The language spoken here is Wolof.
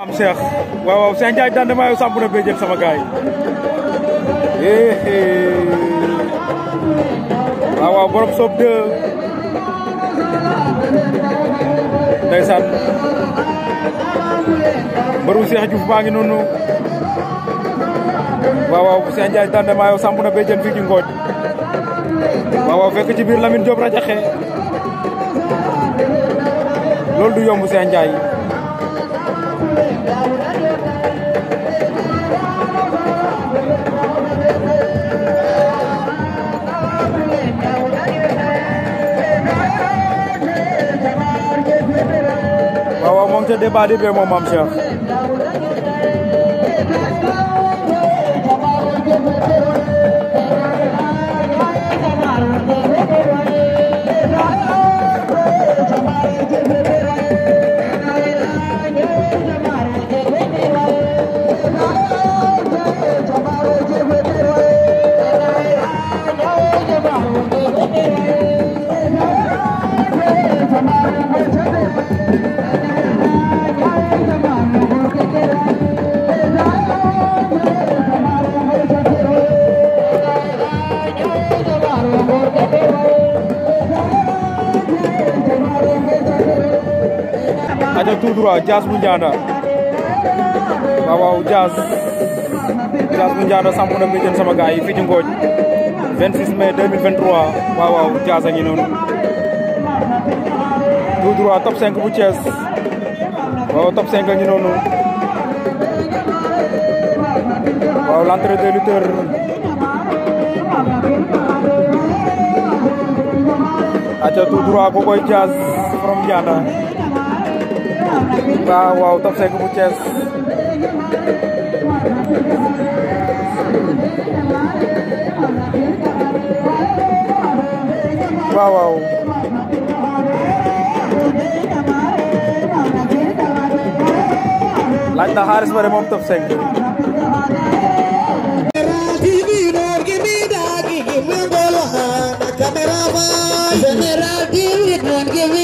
am Cheikh waaw waaw Cheikh Ndiaye daan damaa yow sàmm na béjjën sama guy. Eh, waaw waaw borom soob de ndeysaan mbaru Cheikh Diouf baa ngi noonu waaw waaw Cheikh Ndiaye daan damaa yow sàmm na béjjën fii ci Ngooj waaw waaw fekk ci biir Lamine Diop rajaxe loolu du yomb Cheikh waaw waaw moom ca débat bi अच्छा तूं थोरा चास मुंहिंज village bu Ndianda samp na Mbéjéen sama gaay yi fii waaw waaw Diaz a noonu tout droit top 5 bu Thiès waaw top 5 noonu waaw l'entrée des lutteurs aca tout droit ko koy Diaz from Ndianda waaw waaw top bu Thiès वाह वाह like the horse for